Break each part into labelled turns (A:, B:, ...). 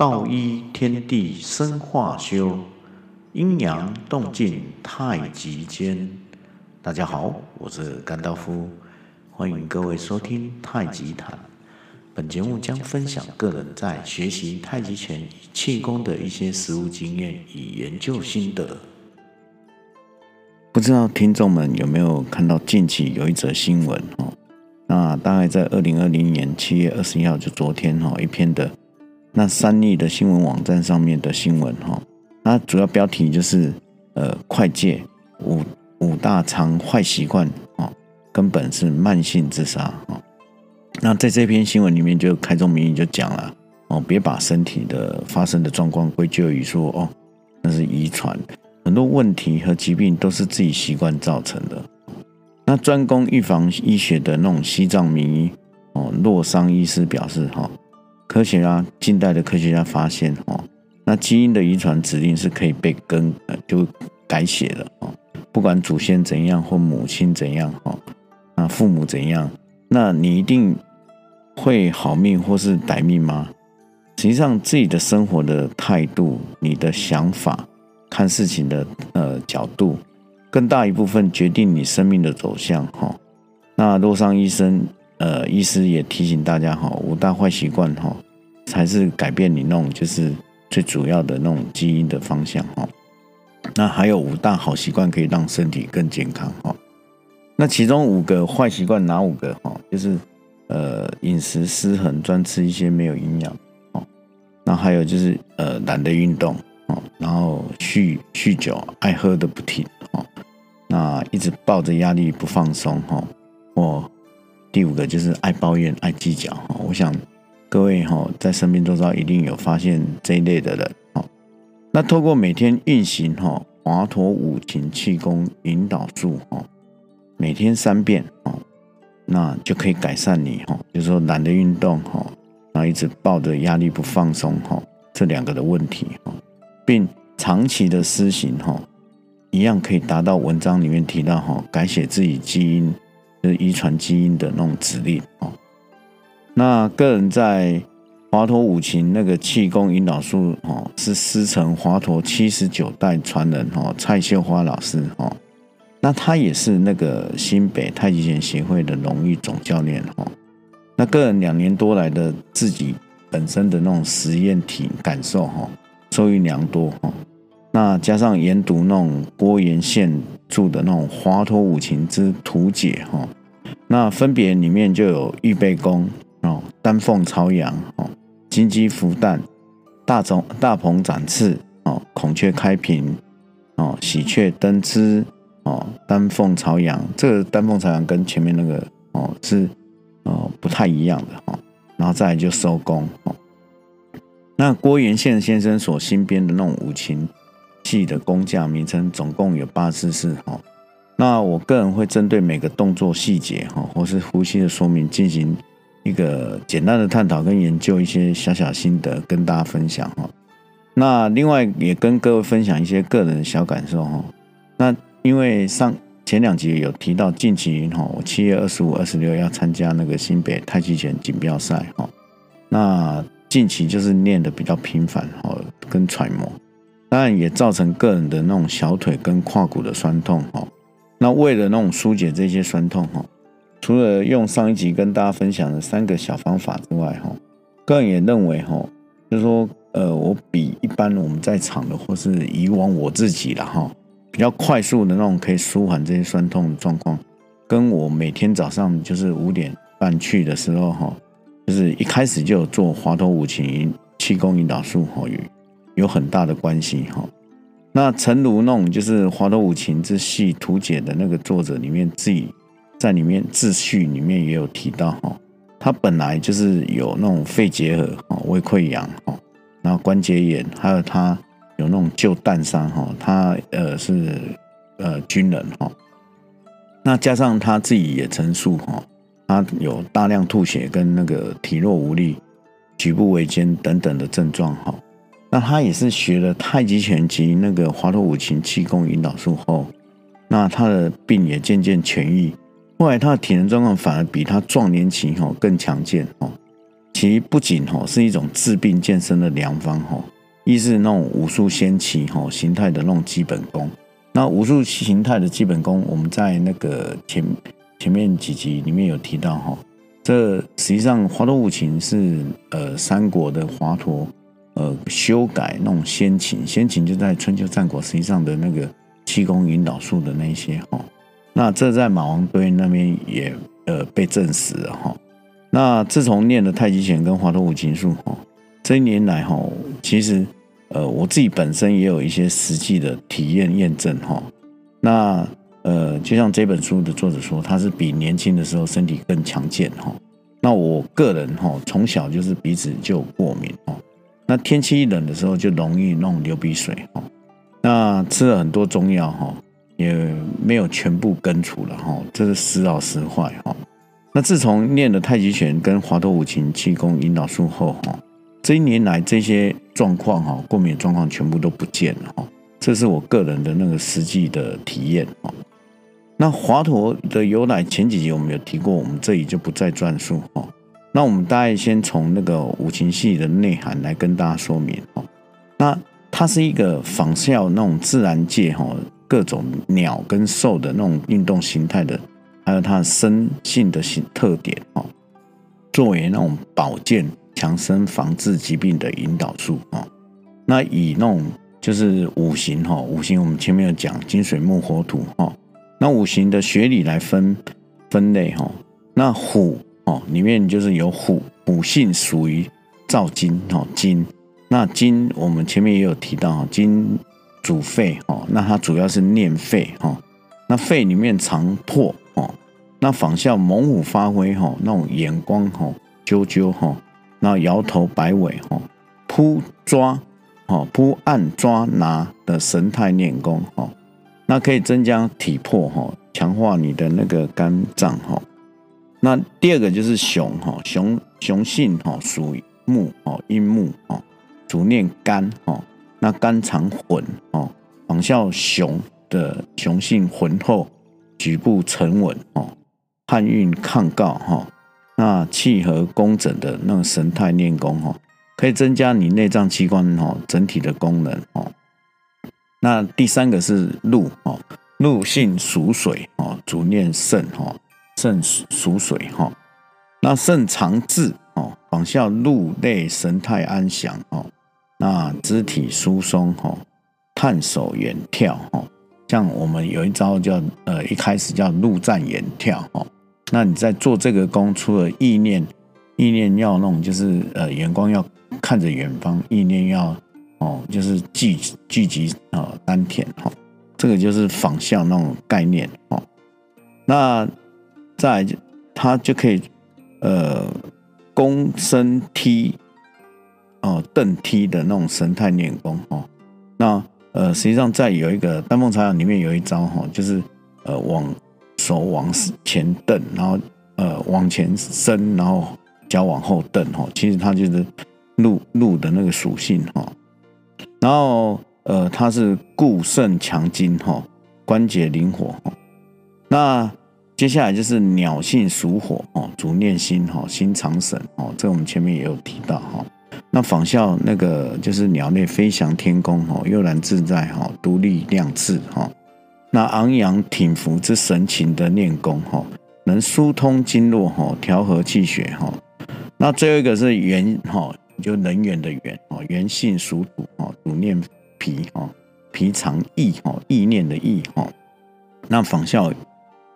A: 道一天地生化修，陰陽動靜太極間。大家好，我是甘道夫，歡迎各位收聽《太極談》。本節目將分享個人在學習太極拳與氣功的一些實務經驗與研究心得。不知道聽眾們有沒有看到近期有一則新聞？哦，那大概在二零二零年七月二十一號，就昨天哈一篇的。那三立的新聞網站上面的新聞哈，它主要標題就是呃，快戒五五大常壞習慣，根本是慢性自殺，哦、那在這篇新聞裡面就，民意就開宗明義就講了哦，別把身體的發生的狀況歸咎於說哦，那是遺傳，很多問題和疾病都是自己習慣造成的。那專攻預防醫學的那種西藏名醫哦，洛桑醫師表示哈。哦科學家，近代的科學家發現，哦，那基因的遺傳指令是可以被更呃，就改寫的哦。不管祖先怎樣或母親怎樣，哈，那父母怎樣，那你一定會好命或是歹命嗎？實際上，自己的生活的態度、你的想法、看事情的呃角度，更大一部分決定你生命的走向，哈。那洛桑醫生。呃，醫師也提醒大家哈、哦，五大壞習慣哈，才是改變你那種就是最主要的那種基因的方向哈、哦。那還有五大好習慣可以讓身體更健康哈、哦。那其中五個壞習慣哪五個哈、哦？就是呃，飲食失衡，專吃一些沒有營養哦。那還有就是呃，懶得運動哦，然後酗酗酒，愛喝得不停哦。那一直抱着壓力不放鬆哈，我、哦。第五個就是愛抱怨、愛計較。哈，我想各位在身邊周遭一定有發現這一類的人。哈，那透過每天運行哈，華佗五禽氣功引導術，每天三遍，那就可以改善你哈，就說懶得運動，然後一直抱着壓力不放鬆，哈，這兩個的問題，哈，並長期的施行，一樣可以達到文章裡面提到，哈，改寫自己基因。就是遺傳基因的那種指令哦。那個人在華佗五禽那個氣功引導術哦，是師承華佗七十九代傳人哦，蔡秀花老師哦。那他也是那個新北太極拳協會的榮譽總教練哦。那個人兩年多來的自己本身的那種實驗體感受哦，受益良多哦。那加上研讀那種郭元憲著的那種《華佗五禽之圖解》哦哈，那分別裡面就有預備功哦，丹鳳朝陽哦，金雞孵蛋，大蟲大鵬展翅哦，孔雀開屏哦，喜鵲登枝哦，丹鳳朝陽，這個丹鳳朝陽跟前面那個哦是哦不太一樣的哦，然後再來就收功哦。那郭元憲先生所新編的那種五禽。系的工匠名稱總共有八十四號，那我個人會針對每個動作細節哈，或是呼吸的說明進行一個簡單的探討跟研究，一些小小心得跟大家分享哈。那另外也跟各位分享一些個人的小感受哈。那因為上前兩集有提到近期哈，我七月二十五、二十六要參加那個新北太極拳錦標賽哈，那近期就是練的比較頻繁哈，跟揣摩。當然也造成個人的那種小腿跟胯骨的痠痛哈、哦。那為了那種疏解這些痠痛哈、哦，除了用上一集跟大家分享的三個小方法之外哈、哦，個人也認為哈、哦，就是說呃，我比一般我們在場的或是以往我自己了哈，比較快速的那種可以舒緩這些痠痛的狀況，跟我每天早上就是五點半去的時候哈、哦，就是一開始就有做華陀五禽、氣功引導術有很大的關係哈。那陳如弄就是《華佗五禽之戲圖解》的那個作者裡面自己在裡面自序裡面也有提到哈，他本來就是有那種肺結核哈、胃潰瘍哈，然後關節炎，還有他有那種舊彈傷哈，他呃是呃軍人哈。那加上他自己也陳述哈，他有大量吐血跟那個體弱無力、舉步維艱等等的症狀哈。那他也是學了太極拳及那個華佗五禽氣功引導術後，那他的病也漸漸痊癒。後來他的體能狀況反而比他壯年期哈更強健哦。其不僅哦是一種治病健身的良方哦。亦是那種武術先期哈形態的那種基本功。那武術形態的基本功，我們在那個前前面幾集裡面有提到哈。這實際上華佗五禽是呃三國的華佗。呃，修改那種先秦，先秦就在春秋戰國實際上的那個氣功引導術的那些哈、哦，那這在馬王堆那邊也呃被證實了哈、哦。那自從練了太極拳跟華佗五禽術哈，這一年來哈、哦，其實呃我自己本身也有一些實際的體驗驗證哈、哦。那呃就像這本書的作者說，他是比年輕的時候身體更強健哈、哦。那我個人哈、哦，從小就是鼻子就過敏哦。那天氣一冷的時候就容易弄流鼻水。那吃了很多中藥哈，也沒有全部根除了哈，這是時好時壞哈。那自從練了太極拳跟華佗五禽氣功引導術後哈，這一年來這些狀況哈，過敏狀況全部都不見了哈，這是我個人的那個實際的體驗哈。那華佗的由來前幾集我們有提過，我們這裡就不再轉述哈。那我們大概先從那個五禽戲的內涵來跟大家說明哦。那它是一個仿效那種自然界哈、哦、各種鳥跟獸的那種運動形態的，還有它生性的性特點哦。作為那種保健、強身、防治疾病的引導術啊、哦。那以那種就是五行哈、哦，五行我們前面有講金、水、木、火、土哈、哦。那五行的學理來分分類哈、哦，那虎。裡面就是有虎，虎性屬於燥金哈、哦、金。那金我們前面也有提到哈，金主肺哈、哦，那它主要是練肺哈、哦。那肺裡面藏魄哈，那仿效猛虎發威哈，那種眼光哈、哦、啾啾哈，那、哦、搖頭擺尾哈撲、哦、抓哈撲按抓拿的神態練功哈、哦，那可以增加體魄哈，強、哦、化你的那個肝臟哈。哦那第二個就是熊哈，熊熊性哈屬木哦，陰木哦，主練肝哦。那肝藏魂哦，仿效熊的熊性渾厚、舉步沉穩哦，漢運抗告哈。那氣和工整的那神態練功哈，可以增加你內臟器官哈整體的功能哦。那第三個是鹿哦，鹿性屬水哦，主練腎哈。腎屬水哈、哦，那腎藏志，哦，仿效鹿類神態安詳哦，那肢體疏鬆哈、哦，探手遠眺哈，像我們有一招叫呃，一開始叫鹿站遠眺哦，那你在做這個功，除了意念，意念要弄，就是呃，眼光要看着遠方，意念要哦，就是聚聚集哦、呃，丹田哈、哦，這個就是仿效那種概念哦，那。再，他就可以，呃，弓身踢，哦，蹬踢的那種神態練功哦。那呃，實際上在有一個丹鳳朝陽裡面有一招哈、哦，就是呃，往手往前蹬，然後呃往前伸，然後腳往後蹬哈、哦。其實它就是鹿鹿的那個屬性哈、哦。然後呃，它是固腎強筋哈、哦，關節靈活哈、哦。那接下來就是鳥性屬火哦，主練心，心藏神哦，這我們前面也有提到哈。那仿效，那個就是鳥類飛翔天空哦，悠然自在哈，獨立亮翅哈。那昂揚挺拔之神情的練功哈，能疏通經絡哈，調和氣血哈。那最後一個是元哈，就能源的源哦，元性屬土，主練脾哈，脾藏意哈，意念的意哈。那仿效。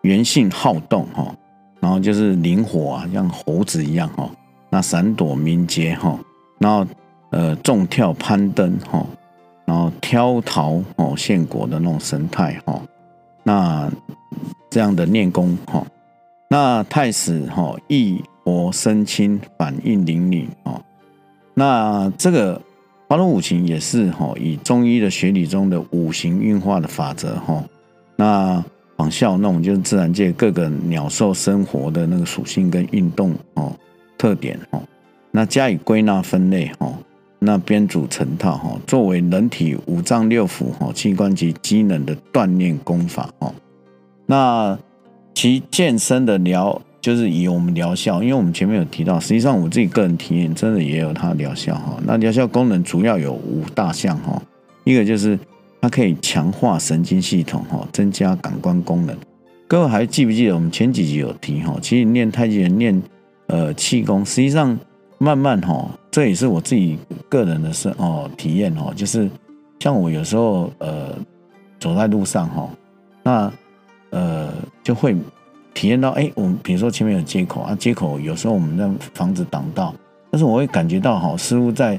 A: 猿性好動哈，然後就是靈活啊，像猴子一樣哈，那閃躲敏捷哈，然後呃縱跳攀登哈，然後挑桃哦獻果的那種神態哈，那這樣的練功哈，那太史哈，意搏身輕，反應靈敏啊，那這個華陀五禽戲也是哈，以中醫的學理中的五行運化的法則哈，那。仿效那種，就是自然界各個鳥獸生活的那個屬性跟運動哦特點哦，那加以歸納分類哦，那編組成套哈、哦，作為人體五臟六腑哈、哦、器官及機能的鍛鍊功法哦，那其健身的療就是以我們療效，因為我們前面有提到，實際上我自己個人體驗真的也有它的療效哈、哦。那療效功能主要有五大項哈、哦，一個就是。它可以強化神經系統，哈，增加感官功能。各位還記不記得我們前幾集有提，哈，其實練太極拳練呃氣功，實際上慢慢哈、喔，這也是我自己個人的生哦、喔、體驗哦、喔，就是像我有時候呃走在路上哈、喔，那呃就會體驗到，哎、欸，我們比如說前面有街口啊，街口有時候我們的房子擋道，但是我會感覺到哈、喔，似乎在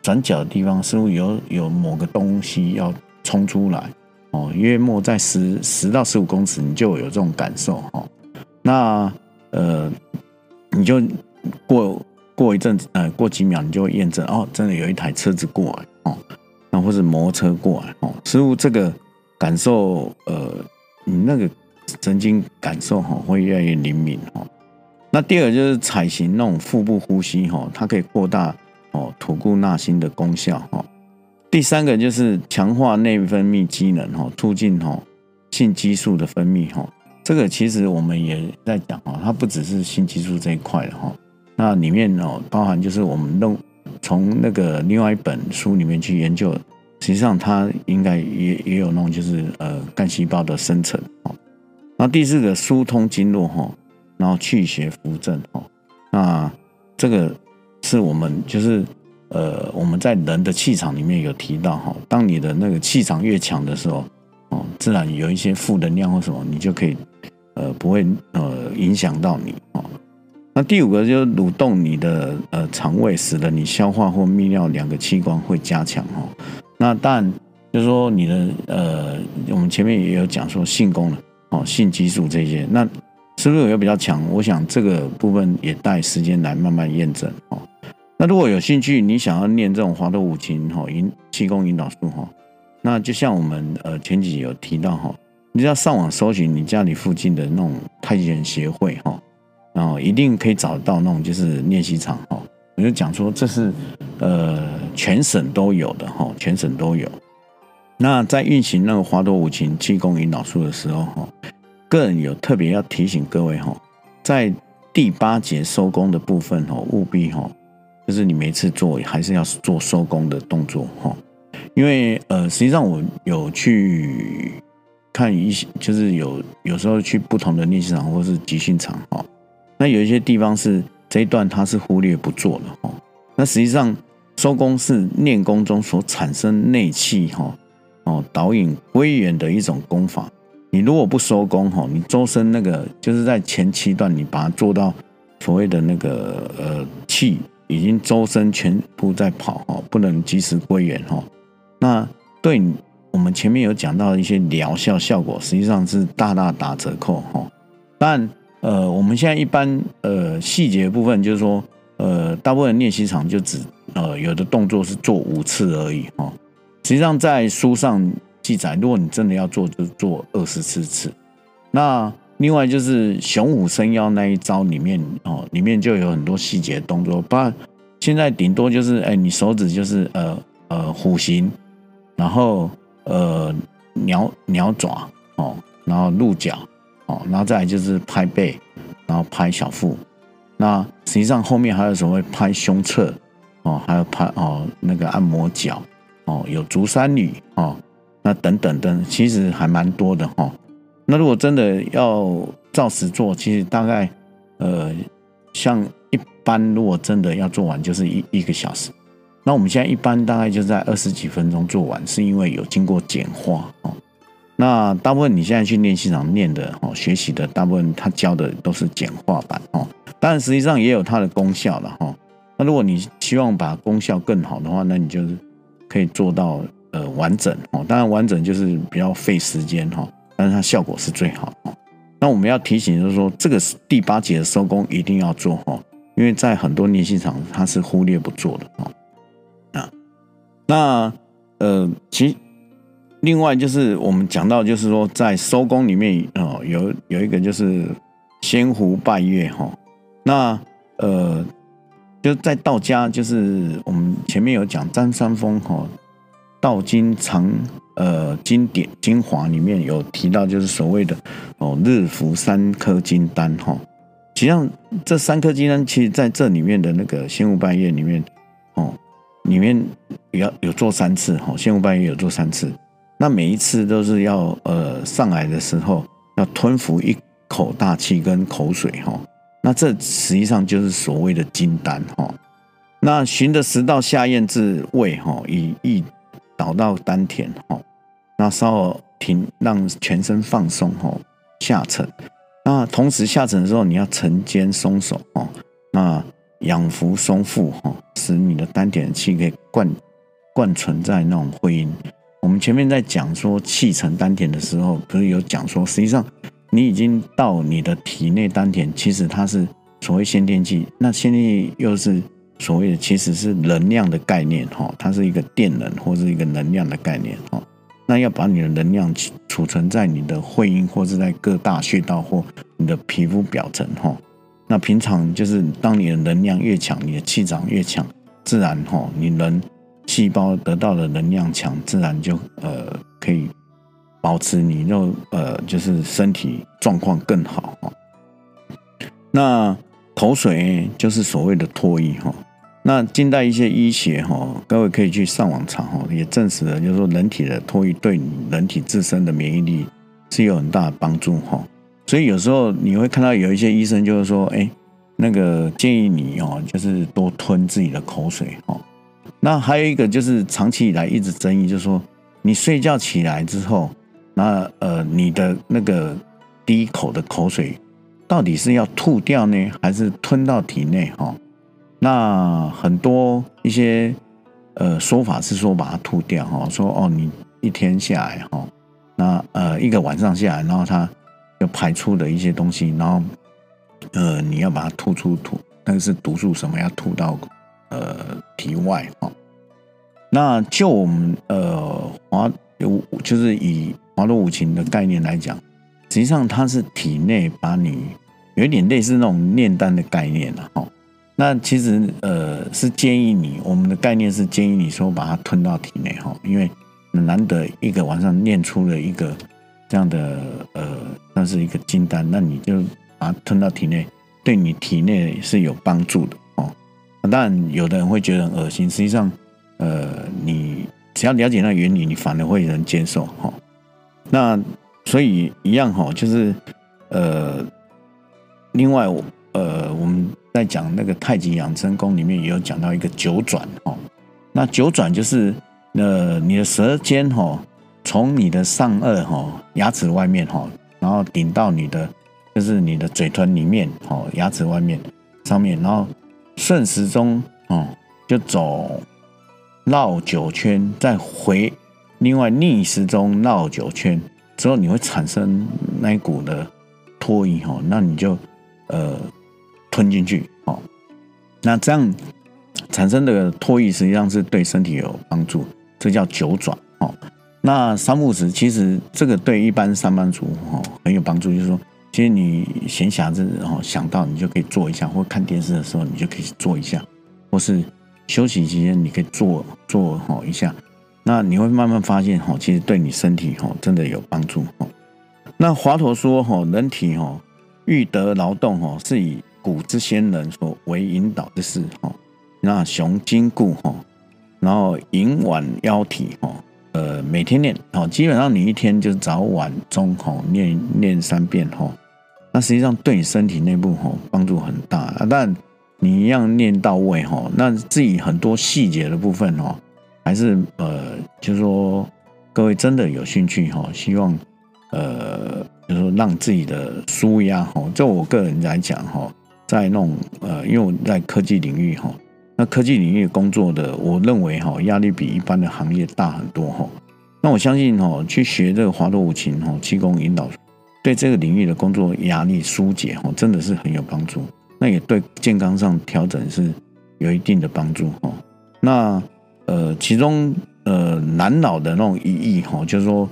A: 轉角的地方，似乎有有某個東西要。衝出來，哦，約莫在十十到十五公尺，你就有這種感受哦。那呃，你就過過一陣子，呃，過幾秒，你就會驗證哦，真的有一台車子過來哦，那、啊、或者摩托車過來哦。輸入這個感受，呃，你那個神經感受哈，會越來越靈敏哦。那第二就是採行那種腹部呼吸哈、哦，它可以擴大哦吐故納新的功效哈。哦第三個就是強化內分泌機能，促進哈性激素的分泌哈。這個其實我們也在講啊，它不只是性激素這一塊的哈。那裡面哦，包含就是我們弄從那個另外一本書裡面去研究，實際上它應該也也有弄就是呃幹細胞的生成啊。那第四個疏通經絡哈，然後去邪扶正哦。那這個是我們就是。呃，我們在人的氣場裡面有提到哈，當你的那個氣場越強的時候，哦，自然有一些負能量或什麼，你就可以，呃，不會呃影響到你哦，那第五個就是蠕動你的呃腸胃，使得你消化或泌尿兩個器官會加強哦。那當然就是說你的呃，我們前面也有講說性功能哦，性激素這些，那是不是有比較強？我想這個部分也待時間來慢慢驗證哦。那如果有興趣，你想要練這種華佗五禽戲吼氣功引導術，那就像我們呃前幾集有提到，你要上網搜尋你家裡附近的那種太極拳協會，然後一定可以找到那種就是練習場。我就講說這是呃全省都有的，全省都有。那在運行那個華佗五禽氣功引導術的時候吼，個人有特別要提醒各位，在第八節收功的部分吼，務必就是你每次做還是要做收功的動作哈、哦，因為呃實際上我有去看一些，就是有有時候去不同的練習場或是集訓場哈、哦，那有一些地方是這一段它是忽略不做的哈、哦。那實際上收功是練功中所產生內氣哈哦，導引歸元的一種功法。你如果不收功哈、哦，你周身那個就是在前期段你把它做到所謂的那個呃氣。已經周身全部在跑，不能及時歸元哈。那對，我們前面有講到一些療效效果，實際上是大大打折扣哈。但呃，我們現在一般呃細節的部分就是說，呃，大部分練習場就只呃有的動作是做五次而已哈。實際上在書上記載，如果你真的要做，就做二十四次。那另外就是熊武伸腰那一招裡面哦，裡面就有很多細節動作。不然現在頂多就是哎、欸，你手指就是呃呃虎形，然後呃鳥鳥爪哦，然後鹿角哦，然後再來就是拍背，然後拍小腹。那實際上後面還有什麼拍胸側哦，還有拍哦那個按摩腳哦，有足三里哦，那等等等，其實還蠻多的哈。哦那如果真的要照實做，其實大概，呃，像一般如果真的要做完，就是一一個小時。那我們現在一般大概就在二十幾分鐘做完，是因為有經過簡化哦。那大部分你現在去練習場練的哦，學習的大部分他教的都是簡化版哦。當然，實際上也有它的功效了哈，哦。那如果你希望把功效更好的話，那你就是可以做到呃完整哦。當然，完整就是比較費時間哈。哦但是它效果是最好的。那我們要提醒就是說，這個是第八節的收工一定要做哈，因為在很多練習場它是忽略不做的。那那呃，其另外就是我們講到就是說，在收工裡面哦，有有一個就是仙湖拜月哈。那呃，就在道家，就是我們前面有講張三豐哈，道經長。呃，經典精華裡面有提到，就是所謂的哦，日服三顆金丹哈、哦。實際上，這三顆金丹其實在這裡面的那個仙五拜月裡面哦，裡面也要有做三次哈，仙五拜月有做三次。那每一次都是要呃上來的時候要吞服一口大氣跟口水哈、哦。那這實際上就是所謂的金丹哈、哦。那循著食道下咽至胃哈、哦，以一。以倒到丹田哈，那稍微停，讓全身放鬆哈，下沉。那同時下沉的時候，你要沉肩鬆手哦，那養腹鬆腹哈，使你的丹田的氣可以灌灌存在那種會陰。我們前面在講說氣沉丹田的時候，不、就是有講說，實際上你已經到你的體內丹田，其實它是所謂先天氣，那先天氣又是。所謂的其實是能量的概念、哦，哈，它是一個電能或是一個能量的概念、哦，哈。那要把你的能量儲存在你的會陰或是在各大穴道或你的皮膚表層，哈。那平常就是當你的能量越強，你的氣場越強，自然哈、哦，你能細胞得到的能量強，自然就呃可以保持你肉呃就是身體狀況更好、哦，哈。那口水就是所謂的唾液、哦，哈。那近代一些醫學哈，各位可以去上網查哈，也證實了，就是說人體的唾液對人體自身的免疫力是有很大的幫助哈。所以有時候你會看到有一些醫生就是說，哎、欸，那個建議你哦，就是多吞自己的口水哈。那還有一個就是長期以來一直爭議，就是說你睡覺起來之後，那呃你的那個第一口的口水，到底是要吐掉呢，還是吞到體內哈？那很多一些呃說法是說把它吐掉哈，說哦你一天下來哈、哦，那呃一個晚上下來，然後它就排出的一些東西，然後呃你要把它吐出吐，那個是毒素什麼要吐到呃體外哈、哦。那就我們呃華就是以華佗五禽的概念來講，實際上它是體內把你有一點類似那種煉丹的概念了哈。哦那其實呃是建議你，我們的概念是建議你說把它吞到體內哈，因為難得一個晚上練出了一個這樣的呃，那是一個金丹，那你就把它吞到體內，對你體內是有幫助的哦。當然，有的人會覺得很噁心，實際上呃，你只要了解那原理，你反而會能接受哈、哦。那所以一樣哈，就是呃，另外呃我們。在講那個太極養生功裡面，也有講到一個九轉、哦、那九轉就是、呃、你的舌尖、哦、從你的上顎、哦、牙齒外面、哦、然後頂到你的就是你的嘴唇裡面、哦、牙齒外面上面，然後順時鐘、哦、就走繞九圈，再回另外逆時鐘繞九圈之後，你會產生那一股的唾液、哦、那你就呃。吞進去哦，那這樣產生的唾液實際上是對身體有幫助，這叫九轉，那三步石其實這個對一般上班族哦很有幫助，就是說，其實你閒暇時想到你就可以做一下，或看電視的時候你就可以做一下，或是休息期間你可以做做好一下，那你會慢慢發現其實對你身體真的有幫助。那華佗說，人體哦欲得勞動是以。古之仙人所為引導的事哈，那熊經鴟顧哈，然後引挽腰體哈，呃，每天練，基本上你一天就是早晚中哈，練三遍哈，那實際上對你身體內部哈幫助很大啊。但你一樣練到位，那自己很多細節的部分哈，還是呃，就是說各位真的有興趣，希望呃，就是說讓自己的舒壓，就我個人來講，在那種呃，因為我在科技領域哈、哦，那科技領域工作的，我認為哈壓力比一般的行業大很多哈、哦。那我相信哈、哦，去學這個華佗五禽哈氣功引導，對這個領域的工作壓力疏解，哈、哦，真的是很有幫助。那也對健康上調整是有一定的幫助哈、哦。那呃，其中呃難老的那種一意義哈、哦，就是說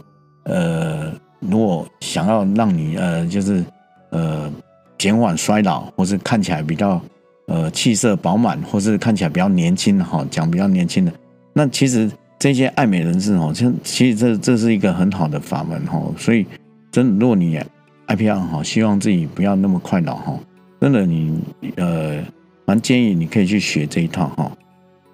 A: 呃，如果想要讓你呃，就是呃。減緩衰老，或是看起來比較，呃，氣色飽滿，或是看起來比較年輕的哈，講比較年輕的，那其實這些愛美人士哈，其實這這是一個很好的法門哈，所以真的，如果你也 I P R 哈，希望自己不要那麼快老哈，真的你呃，蠻建議你可以去學這一套哈。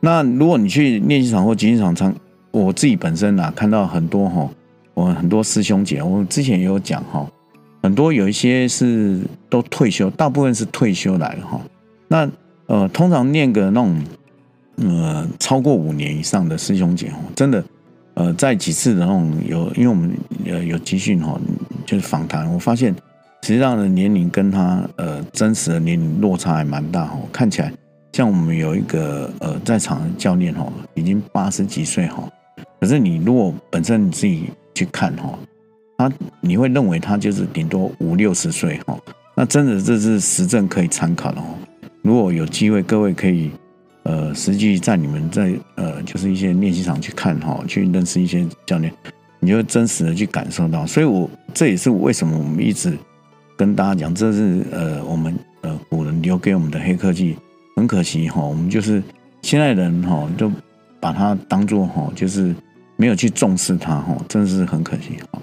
A: 那如果你去練習場或集訓場上，我自己本身啊，看到很多哈，我很多師兄姐，我之前也有講哈。很多有一些是都退休，大部分是退休來的哈。那呃，通常念個那種呃超過五年以上的師兄姐哦，真的呃，在幾次的那種有，因為我們呃有，有集訓哈，就是訪談，我發現實際上的年齡跟他呃真實的年齡落差還蠻大哈。看起來像我們有一個呃在場的教練哈，已經八十幾歲哈，可是你如果本身你自己去看哈。他你會認為他就是頂多五六十歲哈，那真的這是實證可以參考的哦。如果有機會，各位可以呃實際在你們在呃就是一些練習場去看哈，去認識一些教練，你就真實的去感受到。所以我這也是為什麼我們一直跟大家講，這是呃我們呃古人留給我們的黑科技，很可惜哈，我們就是現在的人哈就把它當做哈就是沒有去重視它哈，真的是很可惜哈。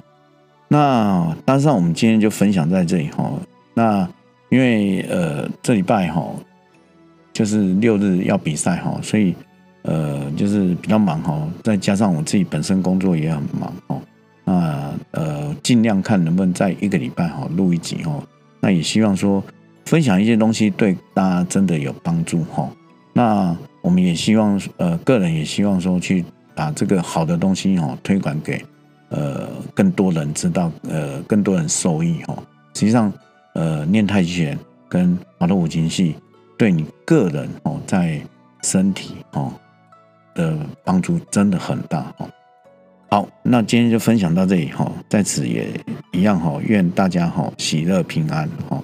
A: 那當上我們今天就分享在這裡哈。那因為呃這禮拜哈就是六日要比賽哈，所以呃就是比較忙哈。再加上我自己本身工作也很忙哦。那呃盡量看能不能在一個禮拜哈錄一集哦。那也希望說分享一些東西對大家真的有幫助哈。那我們也希望呃個人也希望說去把這個好的東西哦推廣給。呃，更多人知道，呃，更多人受益哈、哦。實際上，呃，練太極拳跟華陀五禽戲對你個人哦，在身體哦的幫助真的很大哈、哦。好，那今天就分享到這裡哈、哦，在此也一樣哈、哦，願大家哈、哦、喜樂平安哈、哦。